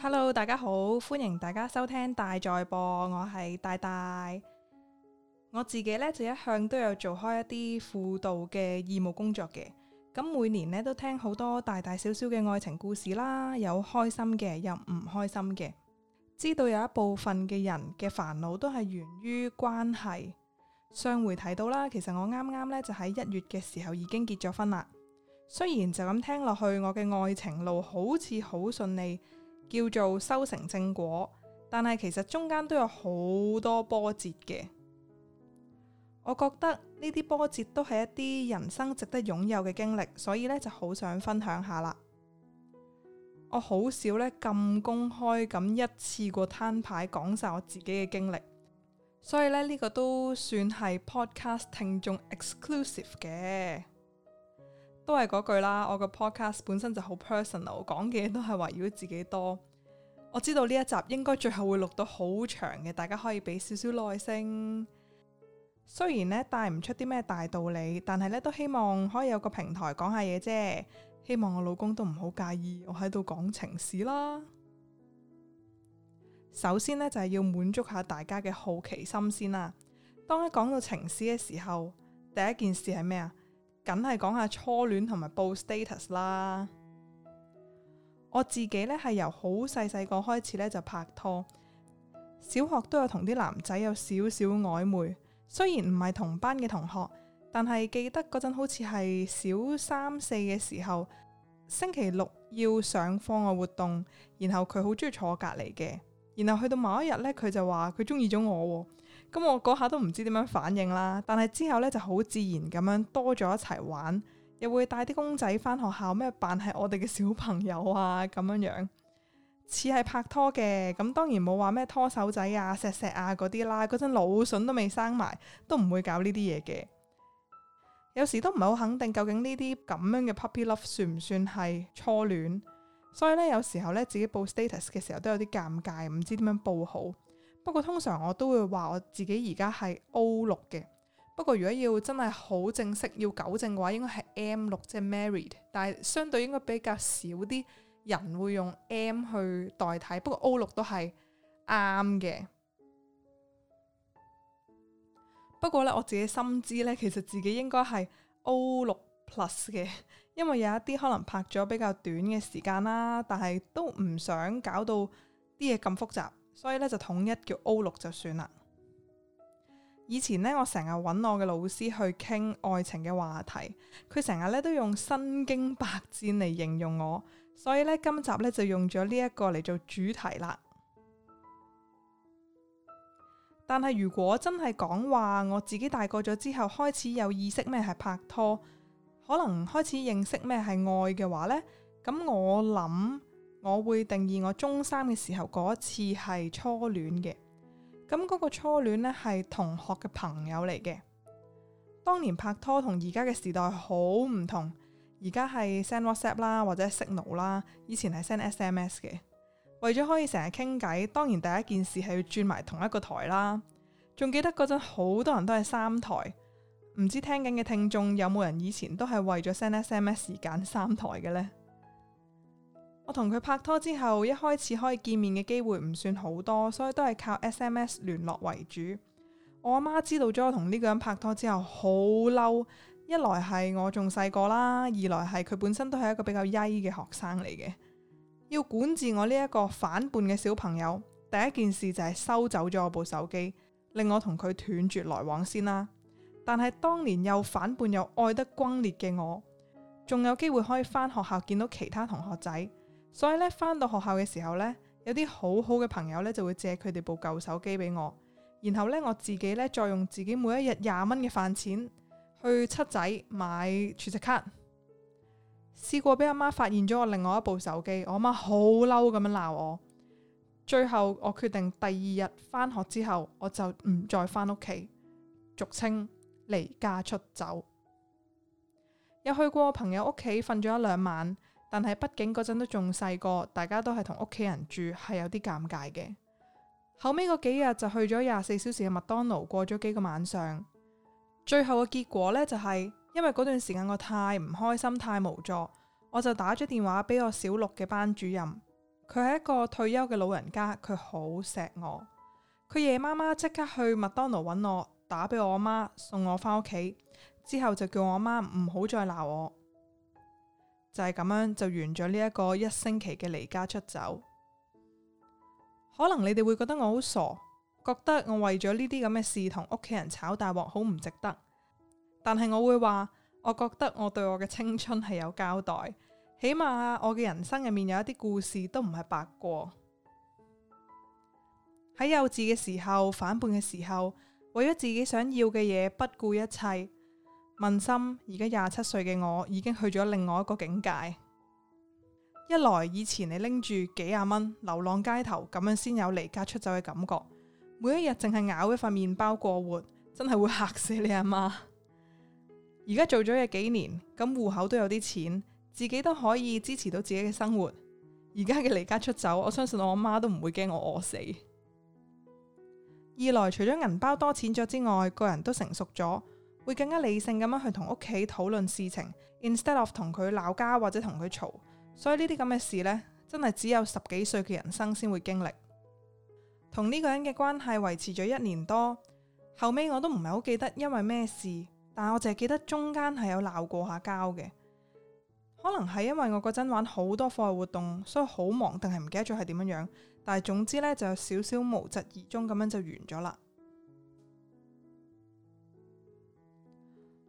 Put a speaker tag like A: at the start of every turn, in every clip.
A: Hello，大家好，歡迎大家收聽大在播。我係大大，我自己呢就一向都有做開一啲輔導嘅義務工作嘅。咁每年呢都聽好多大大小小嘅愛情故事啦，有開心嘅，有唔開心嘅。知道有一部分嘅人嘅煩惱都係源於關係。上回提到啦，其實我啱啱呢就喺一月嘅時候已經結咗婚啦。雖然就咁聽落去，我嘅愛情路好似好順利。叫做修成正果，但係其實中間都有好多波折嘅。我覺得呢啲波折都係一啲人生值得擁有嘅經歷，所以呢就好想分享下啦。我好少呢咁公開咁一次過攤牌講晒我自己嘅經歷，所以呢，呢個都算係 podcast 聽眾 exclusive 嘅。都係嗰句啦，我個 podcast 本身就好 personal，我講嘅嘢都係圍繞自己多，我知道呢一集應該最後會錄到好長嘅，大家可以俾少少耐性。雖然呢帶唔出啲咩大道理，但係呢都希望可以有個平台講下嘢啫。希望我老公都唔好介意我喺度講情史啦。首先呢，就係要滿足下大家嘅好奇心先啦。當一講到情史嘅時候，第一件事係咩啊？梗係講下初戀同埋報 status 啦。我自己呢，係由好細細個開始呢就拍拖，小學都有同啲男仔有少少曖昧，雖然唔係同班嘅同學，但係記得嗰陣好似係小三四嘅時候，星期六要上課外活動，然後佢好中意坐我隔籬嘅，然後去到某一日呢，佢就話佢中意咗我喎。咁我嗰下都唔知點樣反應啦，但係之後呢，就好自然咁樣多咗一齊玩，又會帶啲公仔翻學校咩扮係我哋嘅小朋友啊，咁樣樣，似係拍拖嘅。咁當然冇話咩拖手仔啊、錫錫啊嗰啲啦。嗰陣腦筍都未生埋，都唔會搞呢啲嘢嘅。有時都唔係好肯定究竟呢啲咁樣嘅 puppy love 算唔算係初戀，所以呢，有時候呢，自己報 status 嘅時候都有啲尷尬，唔知點樣報好。不過通常我都會話我自己而家係 O 六嘅，不過如果要真係好正式要糾正嘅話，應該係 M 六即係 married，但係相對應該比較少啲人會用 M 去代替，不過 O 六都係啱嘅。 不過呢，我自己深知呢，其實自己應該係 O 六 plus 嘅，因為有一啲可能拍咗比較短嘅時間啦，但係都唔想搞到啲嘢咁複雜。所以咧就統一叫 O 六就算啦。以前呢，我成日揾我嘅老師去傾愛情嘅話題，佢成日咧都用身經百戰嚟形容我，所以呢，今集呢，就用咗呢一個嚟做主題啦。但係如果真係講話我自己大個咗之後開始有意識咩係拍拖，可能開始認識咩係愛嘅話呢，咁我諗。我會定義我中三嘅時候嗰次係初戀嘅，咁、那、嗰個初戀呢，係同學嘅朋友嚟嘅。當年拍拖同而家嘅時代好唔同，而家係 send WhatsApp 啦或者 Signal 啦，以前係 send SMS 嘅。為咗可以成日傾偈，當然第一件事係要轉埋同一個台啦。仲記得嗰陣好多人都係三台，唔知聽緊嘅聽眾有冇人以前都係為咗 send SMS 而揀三台嘅呢？我同佢拍拖之後，一開始可以見面嘅機會唔算好多，所以都係靠 SMS 聯絡為主。我阿媽知道咗我同呢個人拍拖之後，好嬲。一來係我仲細個啦，二來係佢本身都係一個比較曳嘅學生嚟嘅，要管治我呢一個反叛嘅小朋友。第一件事就係收走咗我部手機，令我同佢斷絕來往先啦。但係當年又反叛又愛得轟烈嘅我，仲有機會可以返學校見到其他同學仔。所以呢，翻到學校嘅時候呢，有啲好好嘅朋友呢，就會借佢哋部舊手機俾我，然後呢，我自己呢，再用自己每一日廿蚊嘅飯錢去七仔買儲值卡。試過俾阿媽發現咗我另外一部手機，我阿媽好嬲咁樣鬧我。最後我決定第二日翻學之後，我就唔再翻屋企，俗稱離家出走。又去過我朋友屋企瞓咗一兩晚。但係畢竟嗰陣都仲細個，大家都係同屋企人住，係有啲尷尬嘅。後尾嗰幾日就去咗廿四小時嘅麥當勞，過咗幾個晚上。最後嘅結果呢，就係因為嗰段時間我太唔開心、太無助，我就打咗電話俾我小六嘅班主任。佢係一個退休嘅老人家，佢好錫我。佢夜媽媽即刻去麥當勞揾我，打俾我阿媽，送我翻屋企，之後就叫我阿媽唔好再鬧我。就係咁樣就完咗呢一個一星期嘅離家出走，可能你哋會覺得我好傻，覺得我為咗呢啲咁嘅事同屋企人炒大鑊好唔值得，但係我會話，我覺得我對我嘅青春係有交代，起碼我嘅人生入面有一啲故事都唔係白過。喺幼稚嘅時候，反叛嘅時候，為咗自己想要嘅嘢，不顧一切。問心，而家廿七歲嘅我已經去咗另外一個境界。一來以前你拎住幾廿蚊流浪街頭，咁樣先有離家出走嘅感覺。每一日淨係咬一塊麵包過活，真係會嚇死你阿媽、媽。而家做咗嘢幾年，咁戶口都有啲錢，自己都可以支持到自己嘅生活。而家嘅離家出走，我相信我阿媽都唔會驚我餓死。二來，除咗銀包多錢咗之外，個人都成熟咗。會更加理性咁樣去同屋企討論事情，instead of 同佢鬧交或者同佢嘈。所以呢啲咁嘅事呢，真係只有十幾歲嘅人生先會經歷。同呢個人嘅關係維持咗一年多，後尾我都唔係好記得因為咩事，但我淨係記得中間係有鬧過下交嘅。可能係因為我嗰陣玩好多課外活動，所以好忙，定係唔記得咗係點樣樣。但係總之呢，就有少少無疾而終咁樣就完咗啦。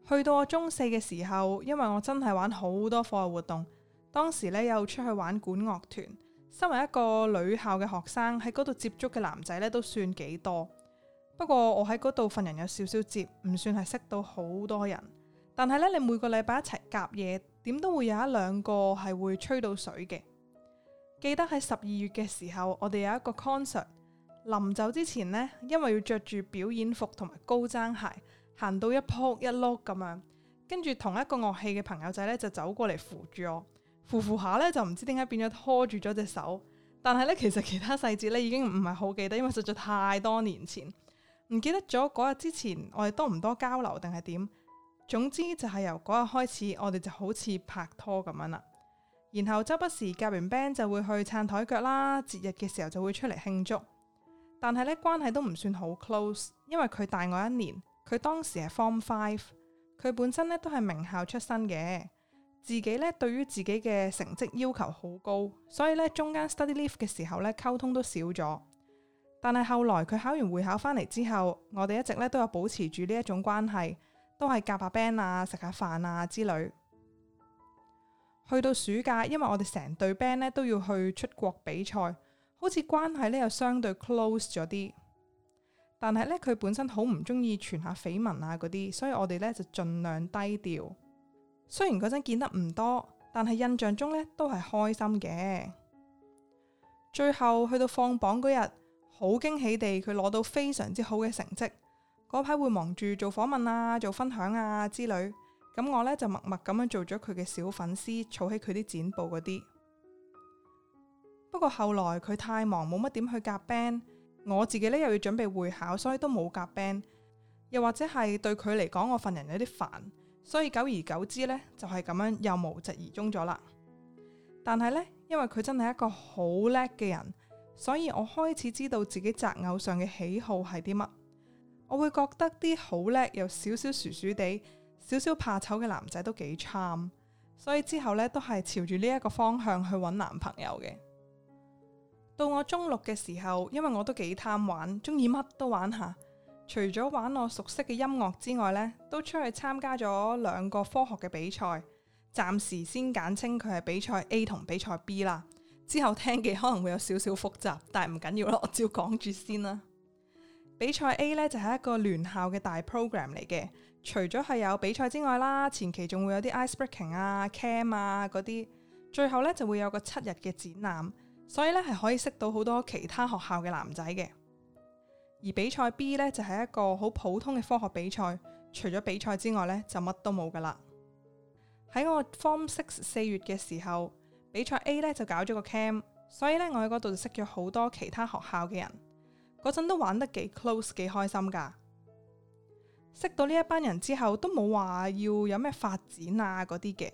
A: 去到我中四嘅時候，因為我真係玩好多課外活動。當時呢，又出去玩管樂團，身為一個女校嘅學生喺嗰度接觸嘅男仔呢都算幾多。不過我喺嗰度份人有少少接，唔算係識到好多人。但係呢，你每個禮拜一齊夾嘢，點都會有一兩個係會吹到水嘅。記得喺十二月嘅時候，我哋有一個 concert。臨走之前呢，因為要着住表演服同埋高踭鞋。行到一撲一碌咁樣，跟住同一個樂器嘅朋友仔咧就走過嚟扶住我，扶扶下咧就唔知點解變咗拖住咗隻手。但係咧，其實其他細節咧已經唔係好記得，因為實在太多年前。唔記得咗嗰日之前我哋多唔多交流定係點。總之就係由嗰日開始，我哋就好似拍拖咁樣啦。然後周不時夾完 band 就會去撐台腳啦，節日嘅時候就會出嚟慶祝。但係咧，關係都唔算好 close，因為佢大我一年。佢當時係 Form Five，佢本身咧都係名校出身嘅，自己咧對於自己嘅成績要求好高，所以呢，中間 study leave 嘅時候咧，溝通都少咗。但係後來佢考完會考返嚟之後，我哋一直咧都有保持住呢一種關係，都係夾下 band 啊、食下飯啊之類。去到暑假，因為我哋成隊 band 咧都要去出國比賽，好似關係呢又相對 close 咗啲。但係呢，佢本身好唔中意傳下緋聞啊嗰啲，所以我哋呢就盡量低調。雖然嗰陣見得唔多，但係印象中呢都係開心嘅。最後去到放榜嗰日，好驚喜地佢攞到非常之好嘅成績。嗰排會忙住做訪問啊、做分享啊之類，咁我呢就默默咁樣做咗佢嘅小粉絲，儲起佢啲剪報嗰啲。不過後來佢太忙，冇乜點去夾 band。我自己咧又要準備會考，所以都冇夾 band。又或者係對佢嚟講，我份人有啲煩，所以久而久之咧就係咁樣又無疾而終咗啦。但係咧，因為佢真係一個好叻嘅人，所以我開始知道自己擇偶上嘅喜好係啲乜。我會覺得啲好叻又少少薯薯地、少少怕醜嘅男仔都幾 charm，所以之後咧都係朝住呢一個方向去揾男朋友嘅。到我中六嘅時候，因為我都幾貪玩，中意乜都玩下。除咗玩我熟悉嘅音樂之外，呢都出去參加咗兩個科學嘅比賽。暫時先簡稱佢係比賽 A 同比賽 B 啦。之後聽嘅可能會有少少複雜，但係唔緊要咯，我照講住先啦。比賽 A 呢，就係、是、一個聯校嘅大 program 嚟嘅，除咗係有比賽之外啦，前期仲會有啲 ice breaking 啊、cam 啊嗰啲，最後呢就會有個七日嘅展覽。所以咧，係可以識到好多其他學校嘅男仔嘅。而比賽 B 呢，就係一個好普通嘅科學比賽，除咗比賽之外呢，就乜都冇噶啦。喺我 Form Six 四月嘅時候，比賽 A 呢，就搞咗個 Camp，所以呢，我喺嗰度就識咗好多其他學校嘅人，嗰陣都玩得幾 close，幾開心噶。識到呢一班人之後，都冇話要有咩發展啊嗰啲嘅。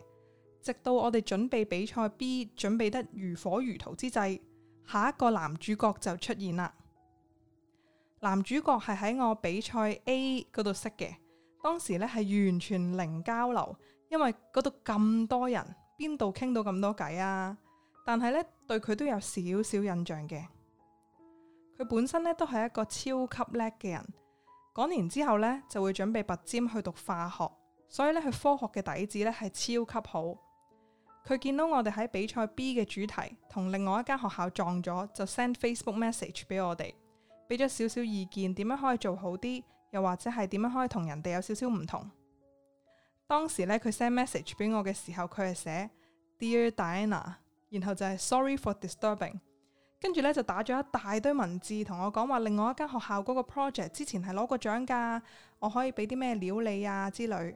A: 直到我哋準備比賽 B 準備得如火如荼之際，下一個男主角就出現啦。男主角係喺我比賽 A 嗰度識嘅，當時呢係完全零交流，因為嗰度咁多人，邊度傾到咁多偈啊？但係呢對佢都有少少印象嘅。佢本身呢都係一個超級叻嘅人，講年之後呢就會準備拔尖去讀化學，所以呢佢科學嘅底子呢係超級好。佢見到我哋喺比賽 B 嘅主題同另外一間學校撞咗，就 send Facebook message 俾我哋，俾咗少少意見點樣可以做好啲，又或者係點樣可以同人哋有少少唔同。當時呢，佢 send message 俾我嘅時候，佢係寫 Dear Diana，然後就係 sorry for disturbing，跟住呢，就打咗一大堆文字同我講話，另外一間學校嗰個 project 之前係攞過獎噶，我可以俾啲咩料理啊之類。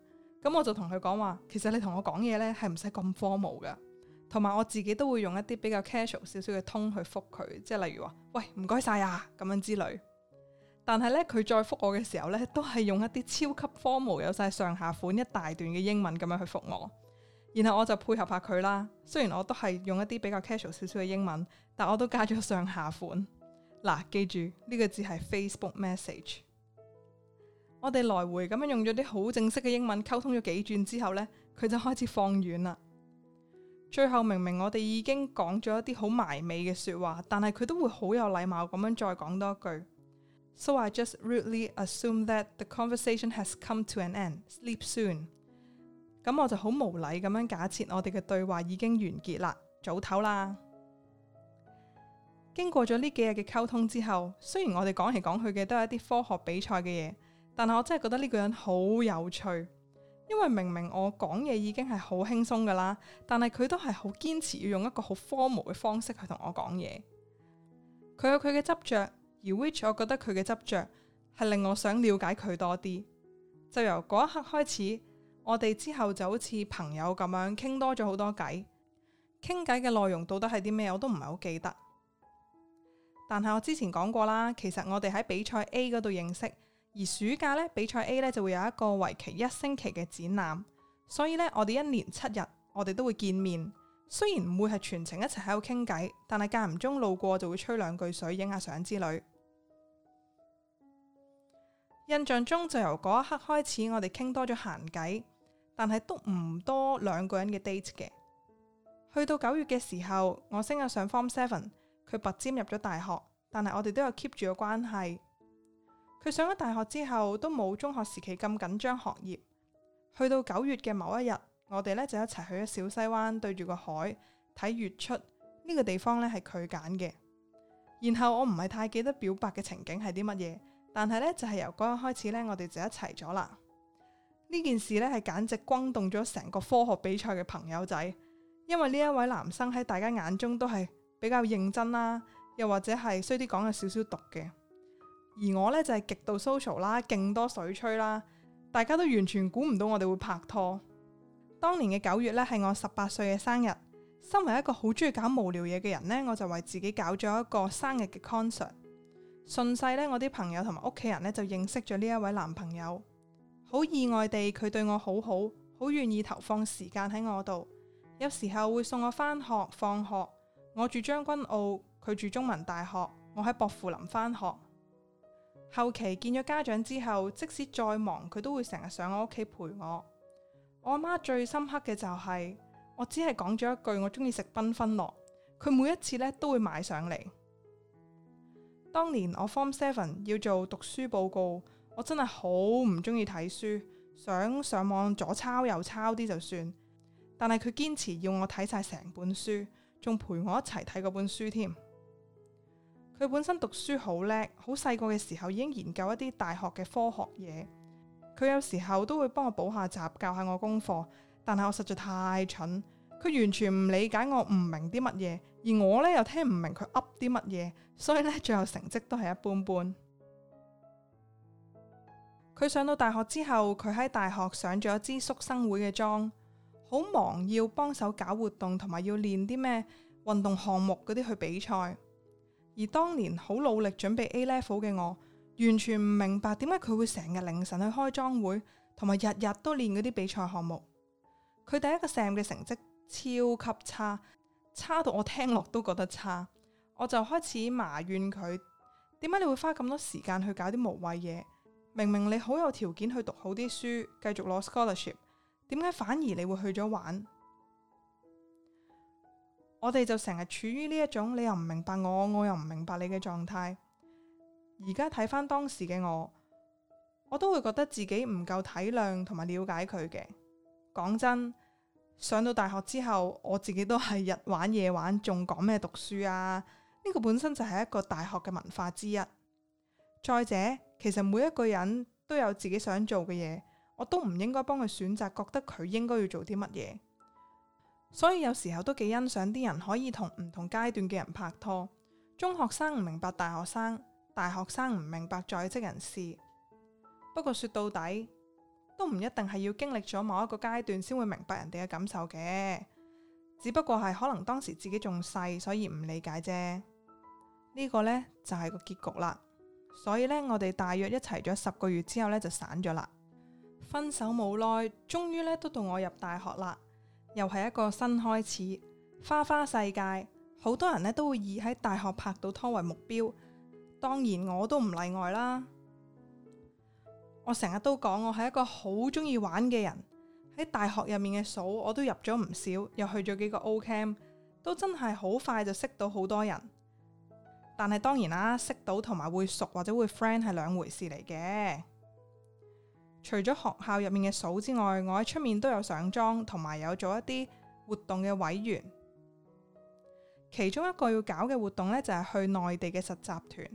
A: 咁我就同佢講話，其實你同我講嘢呢係唔使咁 formal 㗎，同埋我自己都會用一啲比較 casual 少少嘅通去覆佢，即係例如話，喂唔該晒啊咁樣之類。但係呢，佢再覆我嘅時候呢，都係用一啲超級 formal 有晒上下款一大段嘅英文咁樣去覆我。然後我就配合下佢啦，雖然我都係用一啲比較 casual 少少嘅英文，但我都加咗上下款。嗱，記住，呢個字係 Facebook message。我哋來回咁樣用咗啲好正式嘅英文溝通咗幾轉之後呢，佢就開始放軟啦。最後明明我哋已經講咗一啲好埋尾嘅說話，但係佢都會好有禮貌咁樣再講多一句。So I just rudely assume that the conversation has come to an end. Sleep soon、嗯。咁我就好無禮咁樣假設我哋嘅對話已經完結啦，早唞啦。經過咗呢幾日嘅溝通之後，雖然我哋講嚟講去嘅都係一啲科學比賽嘅嘢。但係我真係覺得呢個人好有趣，因為明明我講嘢已經係好輕鬆噶啦，但係佢都係好堅持要用一個好 formal 嘅方式去同我講嘢。佢有佢嘅執着，而 which 我覺得佢嘅執着係令我想了解佢多啲。就由嗰一刻開始，我哋之後就好似朋友咁樣傾多咗好多偈。傾偈嘅內容到底係啲咩，我都唔係好記得。但係我之前講過啦，其實我哋喺比賽 A 嗰度認識。而暑假呢，比賽 A 呢就會有一個為期一星期嘅展覽，所以呢，我哋一年七日，我哋都會見面。雖然唔會係全程一齊喺度傾偈，但係間唔中路過就會吹兩句水、影下相之類。印象中就由嗰一刻開始，我哋傾多咗閒偈，但係都唔多兩個人嘅 date 嘅。去到九月嘅時候，我升咗上 form seven，佢拔尖入咗大學，但係我哋都有 keep 住嘅關係。佢上咗大學之後都冇中學時期咁緊張學業。去到九月嘅某一日，我哋咧就一齊去咗小西灣，對住個海睇月出。呢個地方咧係佢揀嘅。然後我唔係太記得表白嘅情景係啲乜嘢，但係咧就係由嗰日開始咧，我哋就一齊咗啦。呢件事咧係簡直轟動咗成個科學比賽嘅朋友仔，因為呢一位男生喺大家眼中都係比較認真啦，又或者係衰啲講有少少毒嘅。而我呢，就係極度 social 啦，勁多水吹啦，大家都完全估唔到我哋會拍拖。當年嘅九月呢，係我十八歲嘅生日，身為一個好中意搞無聊嘢嘅人呢，我就為自己搞咗一個生日嘅 concert。順勢呢，我啲朋友同埋屋企人呢，就認識咗呢一位男朋友。好意外地，佢對我好好，好願意投放時間喺我度。有時候會送我返學、放學。我住將軍澳，佢住中文大學。我喺薄扶林翻學。後期見咗家長之後，即使再忙，佢都會成日上我屋企陪我。我阿媽最深刻嘅就係，我只係講咗一句我中意食繽紛樂，佢每一次呢都會買上嚟。當年我 form seven 要做讀書報告，我真係好唔中意睇書，想上網左抄右抄啲就算，但係佢堅持要我睇晒成本書，仲陪我一齊睇嗰本書添。佢本身讀書好叻，好細個嘅時候已經研究一啲大學嘅科學嘢。佢有時候都會幫我補下習，教下我功課。但係我實在太蠢，佢完全唔理解我唔明啲乜嘢，而我呢又聽唔明佢噏啲乜嘢，所以呢最後成績都係一般般。佢上到大學之後，佢喺大學上咗一支宿生會嘅莊，好忙，要幫手搞活動，同埋要練啲咩運動項目嗰啲去比賽。而當年好努力準備 A level 嘅我，完全唔明白點解佢會成日凌晨去開莊會，同埋日日都練嗰啲比賽項目。佢第一個 sam 嘅成績超級差，差到我聽落都覺得差。我就開始埋怨佢：點解你會花咁多時間去搞啲無謂嘢？明明你好有條件去讀好啲書，繼續攞 scholarship，點解反而你會去咗玩？我哋就成日處於呢一種你又唔明白我，我又唔明白你嘅狀態。而家睇返當時嘅我，我都會覺得自己唔夠體諒同埋了解佢嘅。講真，上到大學之後，我自己都係日玩夜玩，仲講咩讀書啊？呢個本身就係一個大學嘅文化之一。再者，其實每一個人都有自己想做嘅嘢，我都唔應該幫佢選擇，覺得佢應該要做啲乜嘢。所以有時候都幾欣賞啲人可以同唔同階段嘅人拍拖，中學生唔明白大學生，大學生唔明白在職人士。不過說到底，都唔一定係要經歷咗某一個階段先會明白人哋嘅感受嘅。只不過係可能當時自己仲細，所以唔理解啫。呢個呢，就係個結局啦。所以呢，我哋大約一齊咗十個月之後呢，就散咗啦。分手冇耐，終於呢，都到我入大學啦。又係一個新開始，花花世界，好多人呢都會以喺大學拍到拖為目標，當然我都唔例外啦。我成日都講我係一個好鍾意玩嘅人，喺大學入面嘅數我都入咗唔少，又去咗幾個 O Camp，都真係好快就識到好多人。但係當然啦，識到同埋會熟或者會 friend 係兩回事嚟嘅。除咗學校入面嘅數之外，我喺出面都有上妝，同埋有做一啲活動嘅委員。其中一個要搞嘅活動呢，就係去內地嘅實習團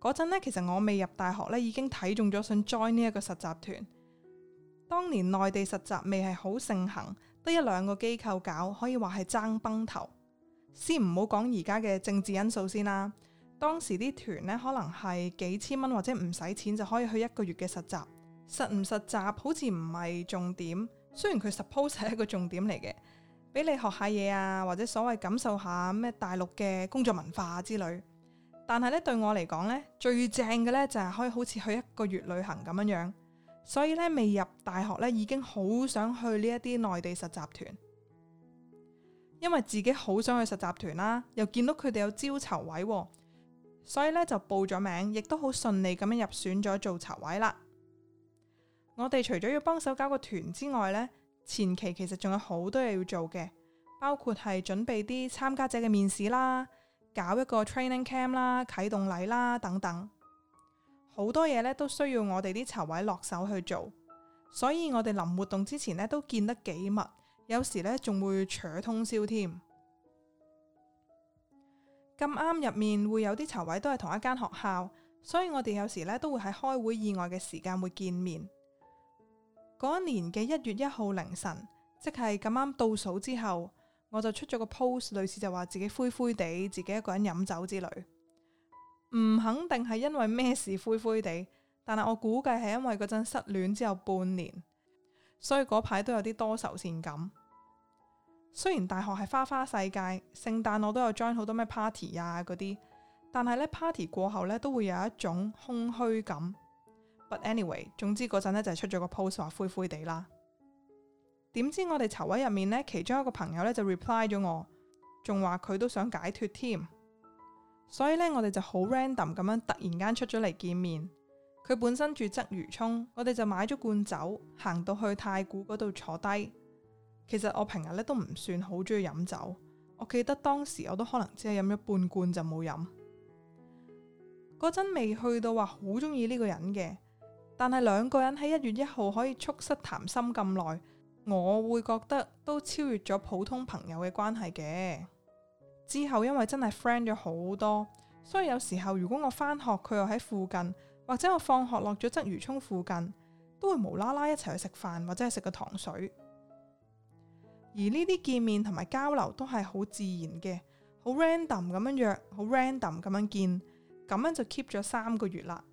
A: 嗰陣呢，其實我未入大學呢，已經睇中咗想 join 呢一個實習團。當年內地實習未係好盛行，得一兩個機構搞，可以話係爭崩頭。先唔好講而家嘅政治因素先啦。當時啲團呢，可能係幾千蚊或者唔使錢就可以去一個月嘅實習。實唔實習好似唔係重點，雖然佢 suppose 係一個重點嚟嘅，俾你學下嘢啊，或者所謂感受下咩大陸嘅工作文化之類。但係咧對我嚟講咧，最正嘅咧就係可以好似去一個月旅行咁樣樣。所以咧未入大學咧，已經好想去呢一啲內地實習團，因為自己好想去實習團啦，又見到佢哋有招籌位，所以咧就報咗名，亦都好順利咁樣入選咗做籌位啦。我哋除咗要幫手搞個團之外呢前期其實仲有好多嘢要做嘅，包括係準備啲參加者嘅面試啦，搞一個 training camp 啦，啟動禮啦等等，好多嘢咧都需要我哋啲籌位落手去做。所以我哋臨活動之前咧都見得幾密，有時咧仲會扯通宵添。咁啱入面會有啲籌位都係同一間學校，所以我哋有時咧都會喺開會以外嘅時間會見面。嗰一年嘅一月一號凌晨，即係咁啱倒數之後，我就出咗個 post，類似就話自己灰灰地，自己一個人飲酒之類。唔肯定係因為咩事灰灰地，但係我估計係因為嗰陣失戀之後半年，所以嗰排都有啲多愁善感。雖然大學係花花世界，聖誕我都有 join 好多咩 party 啊嗰啲，但係呢 party 過後呢，都會有一種空虛感。But anyway，總之嗰陣呢就係出咗個 post 話灰灰地啦。點知我哋茶位入面呢，其中一個朋友呢就 reply 咗我，仲話佢都想解脫添。所以呢，我哋就好 random 咁樣突然間出咗嚟見面。佢本身住鰂魚涌，我哋就買咗罐酒，行到去太古嗰度坐低。其實我平日呢都唔算好中意飲酒，我記得當時我都可能只係飲咗半罐就冇飲。嗰陣未去到話好中意呢個人嘅。但係兩個人喺一月一號可以促膝談心咁耐，我會覺得都超越咗普通朋友嘅關係嘅。之後因為真係 friend 咗好多，所以有時候如果我返學佢又喺附近，或者我放學落咗鰂魚涌附近，都會無啦啦一齊去食飯或者係食個糖水。而呢啲見面同埋交流都係好自然嘅，好 random 咁樣約，好 random 咁樣見，咁樣就 keep 咗三個月啦。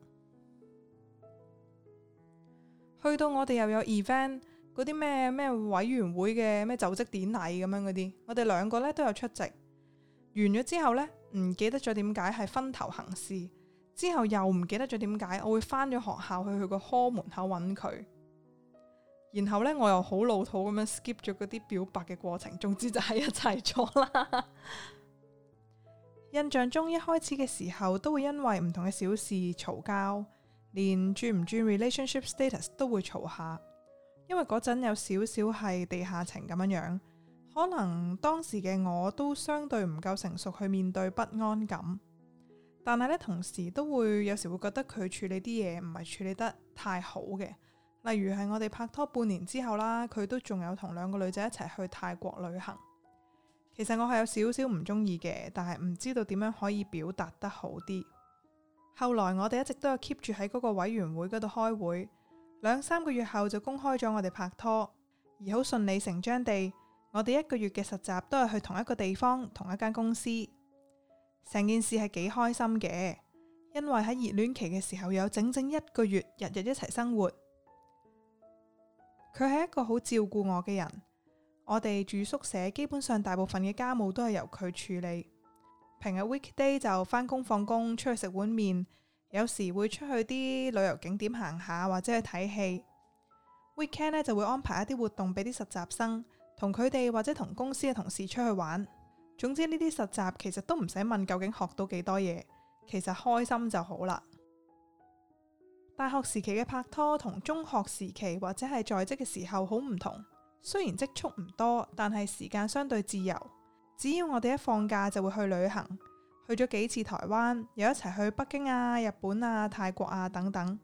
A: 去到我哋又有 event 嗰啲，咩咩委員會嘅咩就職典禮咁樣嗰啲，我哋兩個咧都有出席。完咗之後呢，唔記得咗點解係分頭行事，之後又唔記得咗點解，我會翻咗學校去佢個科門口揾佢。然後呢，我又好老土咁樣 skip 咗嗰啲表白嘅過程，總之就喺一齊咗啦。 印象中一開始嘅時候都會因為唔同嘅小事嘈交。連轉唔轉 relationship status 都會嘈下，因為嗰陣有少少係地下情咁樣樣，可能當時嘅我都相對唔夠成熟去面對不安感，但係呢，同時都會有時會覺得佢處理啲嘢唔係處理得太好嘅，例如係我哋拍拖半年之後啦，佢都仲有同兩個女仔一齊去泰國旅行，其實我係有少少唔中意嘅，但係唔知道點樣可以表達得好啲。後來我哋一直都有 keep 住喺嗰個委員會嗰度開會，兩三個月後就公開咗我哋拍拖，而好順理成章地，我哋一個月嘅實習都係去同一個地方、同一間公司。成件事係幾開心嘅，因為喺熱戀期嘅時候有整整一個月日日一齊生活。佢係一個好照顧我嘅人，我哋住宿舍，基本上大部分嘅家務都係由佢處理。平日 weekday 就返工放工出去食碗麵，有時會出去啲旅遊景點行下，或者去睇戲。Weekend 咧就會安排一啲活動俾啲實習生，同佢哋或者同公司嘅同事出去玩。總之呢啲實習其實都唔使問究竟學到幾多嘢，其實開心就好啦。大學時期嘅拍拖同中學時期或者係在職嘅時候好唔同，雖然積蓄唔多，但係時間相對自由。只要我哋一放假就會去旅行，去咗幾次台灣，又一齊去北京啊、日本啊、泰國啊等等。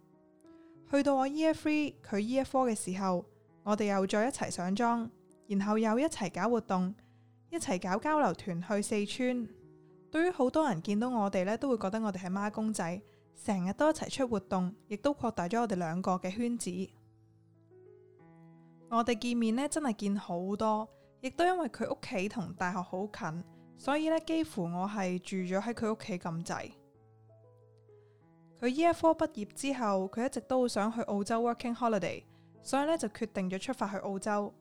A: 去到我 Year Three 佢 Year Four 嘅時候，我哋又再一齊上莊，然後又一齊搞活動，一齊搞交流團去四川。對於好多人見到我哋呢，都會覺得我哋係孖公仔，成日都一齊出活動，亦都擴大咗我哋兩個嘅圈子。我哋見面呢，真係見好多。亦都因為佢屋企同大學好近，所以咧幾乎我係住咗喺佢屋企咁滯。佢 E.F 科畢業之後，佢一直都好想去澳洲 working holiday，所以咧就決定咗出發去澳洲。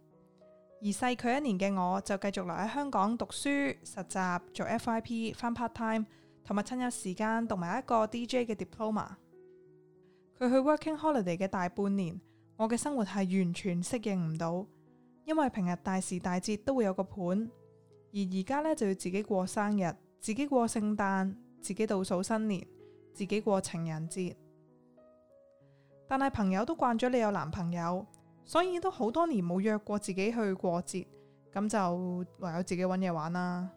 A: 而細佢一年嘅我，就繼續留喺香港讀書、實習、做 F.I.P. 翻 part time，同埋趁有時間讀埋一個 D.J. 嘅 diploma。佢去 working holiday 嘅大半年，我嘅生活係完全適應唔到。因為平日大時大節都會有個伴，而而家呢，就要自己過生日，自己過聖誕，自己倒數新年，自己過情人節。但係朋友都慣咗你有男朋友，所以都好多年冇約過自己去過節，咁就唯有自己搵嘢玩啦。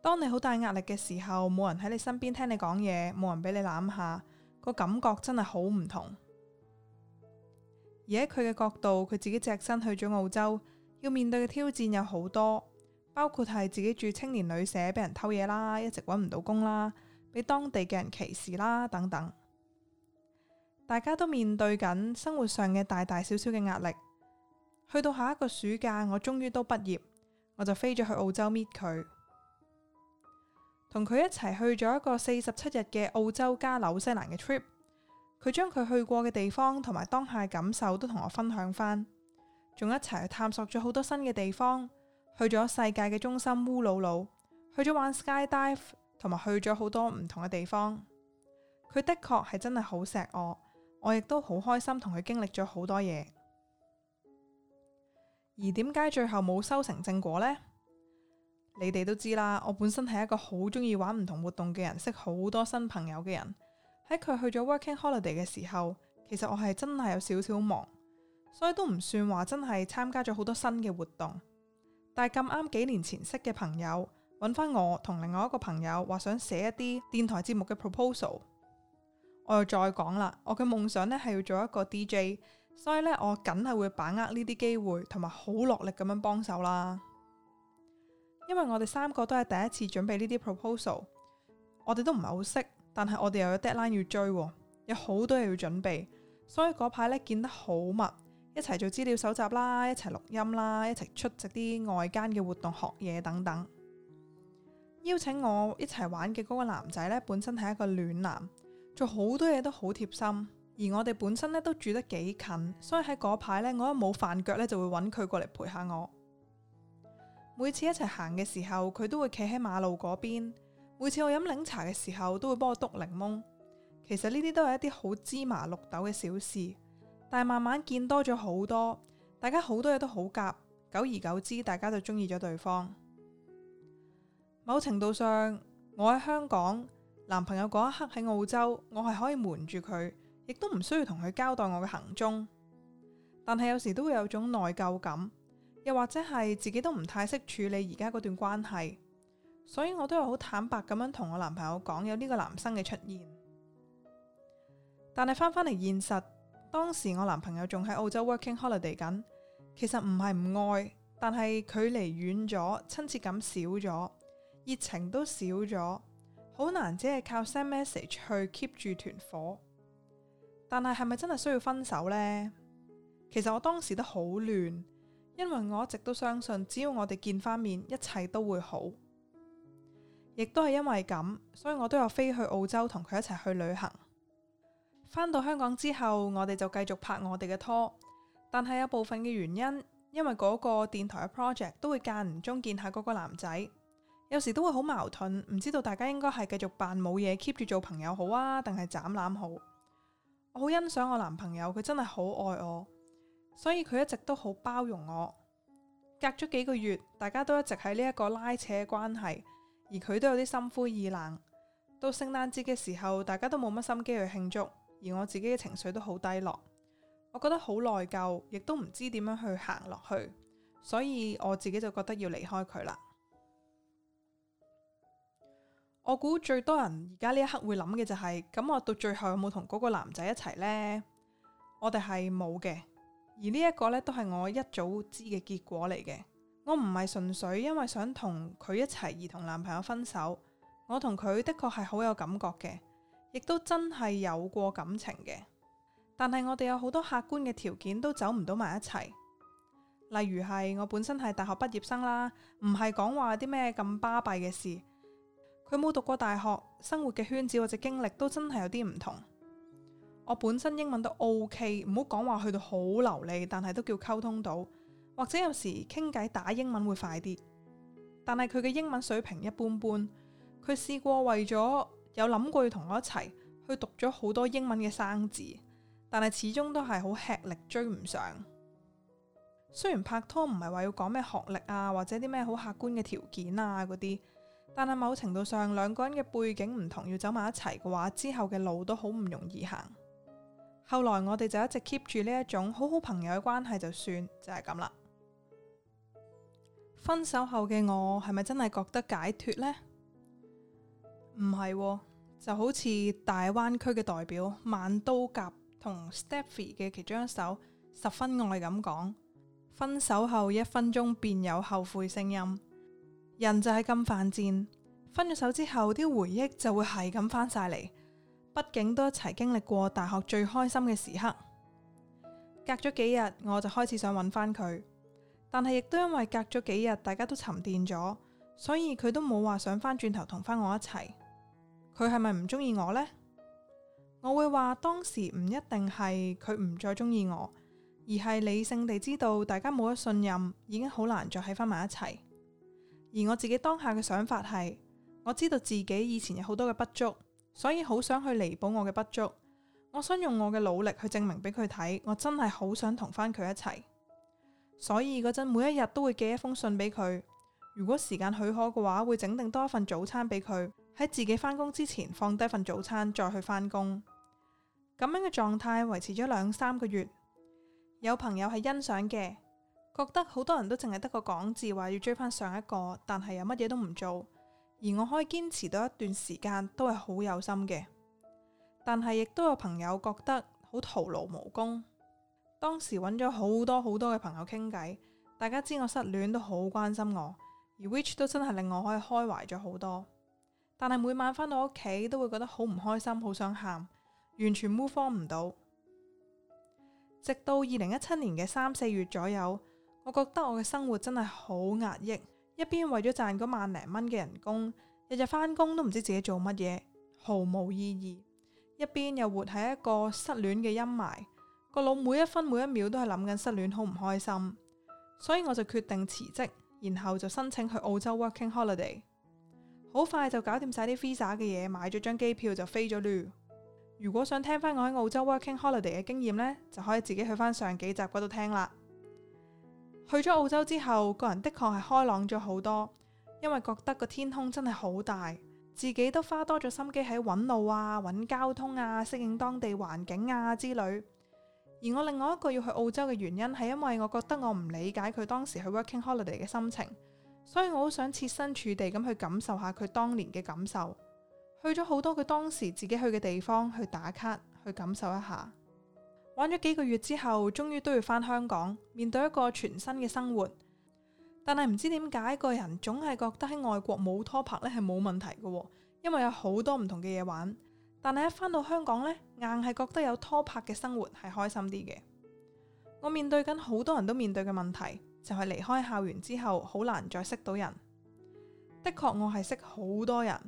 A: 當你好大壓力嘅時候，冇人喺你身邊聽你講嘢，冇人俾你攬下，個感覺真係好唔同。而喺佢嘅角度，佢自己隻身去咗澳洲，要面對嘅挑戰有好多，包括係自己住青年旅社俾人偷嘢啦，一直揾唔到工啦，俾當地嘅人歧視啦等等。大家都面對緊生活上嘅大大小小嘅壓力。去到下一個暑假，我終於都畢業，我就飛咗去澳洲 meet 佢，同佢一齊去咗一個四十七日嘅澳洲加紐西蘭嘅 trip。佢將佢去過嘅地方同埋當下嘅感受都同我分享翻，仲一齊探索咗好多新嘅地方，去咗世界嘅中心烏魯魯，去咗玩 sky dive，同埋去咗好多唔同嘅地方。佢的確係真係好錫我，我亦都好開心同佢經歷咗好多嘢。而點解最後冇修成正果呢？你哋都知啦，我本身係一個好中意玩唔同活動嘅人，識好多新朋友嘅人。喺佢去咗 Working Holiday 嘅時候，其實我係真係有少少忙，所以都唔算話真係參加咗好多新嘅活動。但係咁啱幾年前識嘅朋友揾翻我同另外一個朋友，話想寫一啲電台節目嘅 proposal。我又再講啦，我嘅夢想呢係要做一個 DJ，所以呢，我梗係會把握呢啲機會，同埋好落力咁樣幫手啦。因為我哋三個都係第一次準備呢啲 proposal，我哋都唔係好識。但係我哋又有 deadline 要追，有好多嘢要準備，所以嗰排呢見得好密，一齊做資料搜集啦，一齊錄音啦，一齊出席啲外間嘅活動、學嘢等等。邀請我一齊玩嘅嗰個男仔呢，本身係一個暖男，做好多嘢都好貼心。而我哋本身呢都住得幾近，所以喺嗰排呢，我一冇飯腳呢，就會揾佢過嚟陪下我。每次一齊行嘅時候，佢都會企喺馬路嗰邊。每次我飲檸茶嘅時候，都會幫我篤檸檬。其實呢啲都係一啲好芝麻綠豆嘅小事，但係慢慢見多咗好多，大家好多嘢都好夾，久而久之，大家就中意咗對方。某程度上，我喺香港，男朋友嗰一刻喺澳洲，我係可以瞞住佢，亦都唔需要同佢交代我嘅行蹤。但係有時都會有種內疚感，又或者係自己都唔太識處理而家嗰段關係。所以我都有好坦白咁樣同我男朋友講有呢個男生嘅出現，但係翻返嚟現實，當時我男朋友仲喺澳洲 working holiday 緊，其實唔係唔愛，但係距離遠咗，親切感少咗，熱情都少咗，好難只係靠 send message 去 keep 住團火。但係係咪真係需要分手呢？其實我當時都好亂，因為我一直都相信，只要我哋見翻面，一切都會好。亦都係因為咁，所以我都有飛去澳洲同佢一齊去旅行。返到香港之後，我哋就繼續拍我哋嘅拖。但係有部分嘅原因，因為嗰個電台嘅 project 都會間唔中見下嗰個男仔，有時都會好矛盾，唔知道大家應該係繼續扮冇嘢 keep 住做朋友好啊，定係斬纜好。我好欣賞我男朋友，佢真係好愛我，所以佢一直都好包容我。隔咗幾個月，大家都一直喺呢一個拉扯嘅關係。而佢都有啲心灰意冷，到聖誕節嘅時候，大家都冇乜心機去慶祝，而我自己嘅情緒都好低落，我覺得好內疚，亦都唔知點樣去行落去，所以我自己就覺得要離開佢啦。我估最多人而家呢一刻會諗嘅就係，咁我到最後有冇同嗰個男仔一齊呢？我哋係冇嘅，而呢一個呢，都係我一早知嘅結果嚟嘅。我唔係純粹因為想同佢一齊而同男朋友分手，我同佢的確係好有感覺嘅，亦都真係有過感情嘅。但係我哋有好多客觀嘅條件都走唔到埋一齊，例如係我本身係大學畢業生啦，唔係講話啲咩咁巴閉嘅事。佢冇讀過大學，生活嘅圈子或者經歷都真係有啲唔同。我本身英文都 OK，唔好講話去到好流利，但係都叫溝通到。或者有時傾偈打英文會快啲，但係佢嘅英文水平一般般。佢試過為咗有諗過要同我一齊，去讀咗好多英文嘅生字，但係始終都係好吃力，追唔上。雖然拍拖唔係話要講咩學歷啊，或者啲咩好客觀嘅條件啊嗰啲，但係某程度上兩個人嘅背景唔同，要走埋一齊嘅話，之後嘅路都好唔容易行。後來我哋就一直 keep 住呢一種好好朋友嘅關係就，就算就係咁啦。分手後嘅我係咪真係覺得解脫呢？唔係，就好似大灣區嘅代表萬刀甲同 Stephy 嘅其中一首《十分愛》咁講，分手後一分鐘便有後悔聲音。人就係咁犯賤，分咗手之後啲回憶就會係咁翻晒嚟。畢竟都一齊經歷過大學最開心嘅時刻，隔咗幾日我就開始想揾返佢。但係亦都因為隔咗幾日，大家都沉澱咗，所以佢都冇話想返轉頭同返我一齊。佢係咪唔中意我呢？我會話當時唔一定係佢唔再中意我，而係理性地知道大家冇咗信任，已經好難再喺返埋一齊。而我自己當下嘅想法係，我知道自己以前有好多嘅不足，所以好想去彌補我嘅不足。我想用我嘅努力去證明俾佢睇，我真係好想同返佢一齊。所以嗰陣每一日都會寄一封信俾佢，如果時間許可嘅話，會整定多一份早餐俾佢，喺自己返工之前放低份早餐再去返工。咁樣嘅狀態維持咗兩三個月，有朋友係欣賞嘅，覺得好多人都淨係得個講字，話要追翻上一個，但係又乜嘢都唔做，而我可以堅持到一段時間都係好有心嘅，但係亦都有朋友覺得好徒勞無功。當時搵咗好多好多嘅朋友傾偈，大家知我失戀都好關心我，而 which 都真係令我可以開懷咗好多。但係每晚翻到屋企都會覺得好唔開心，好想喊，完全 move on 唔到。直到二零一七年嘅三四月左右，我覺得我嘅生活真係好壓抑，一邊為咗賺嗰萬零蚊嘅人工，日日翻工都唔知自己做乜嘢，毫無意義；一邊又活喺一個失戀嘅陰霾。個腦每一分每一秒都係諗緊失戀，好唔開心，所以我就決定辭職，然後就申請去澳洲 working holiday。好快就搞掂晒啲 visa 嘅嘢，買咗張機票就飛咗啦。如果想聽翻我喺澳洲 working holiday 嘅經驗呢，就可以自己去翻上幾集嗰度聽啦。去咗澳洲之後，個人的確係開朗咗好多，因為覺得個天空真係好大，自己都花多咗心機喺揾路啊、揾交通啊、適應當地環境啊之類。而我另外一個要去澳洲嘅原因係因為我覺得我唔理解佢當時去 working holiday 嘅心情，所以我好想設身處地咁去感受下佢當年嘅感受。去咗好多佢當時自己去嘅地方去打卡，去感受一下。玩咗幾個月之後，終於都要返香港，面對一個全新嘅生活。但係唔知點解個人總係覺得喺外國冇拖拍呢係冇問題嘅，因為有好多唔同嘅嘢玩。但係一返到香港呢，硬係覺得有拖拍嘅生活係開心啲嘅。我面對緊好多人都面對嘅問題，就係離開校園之後好難再識到人。的確，我係識好多人，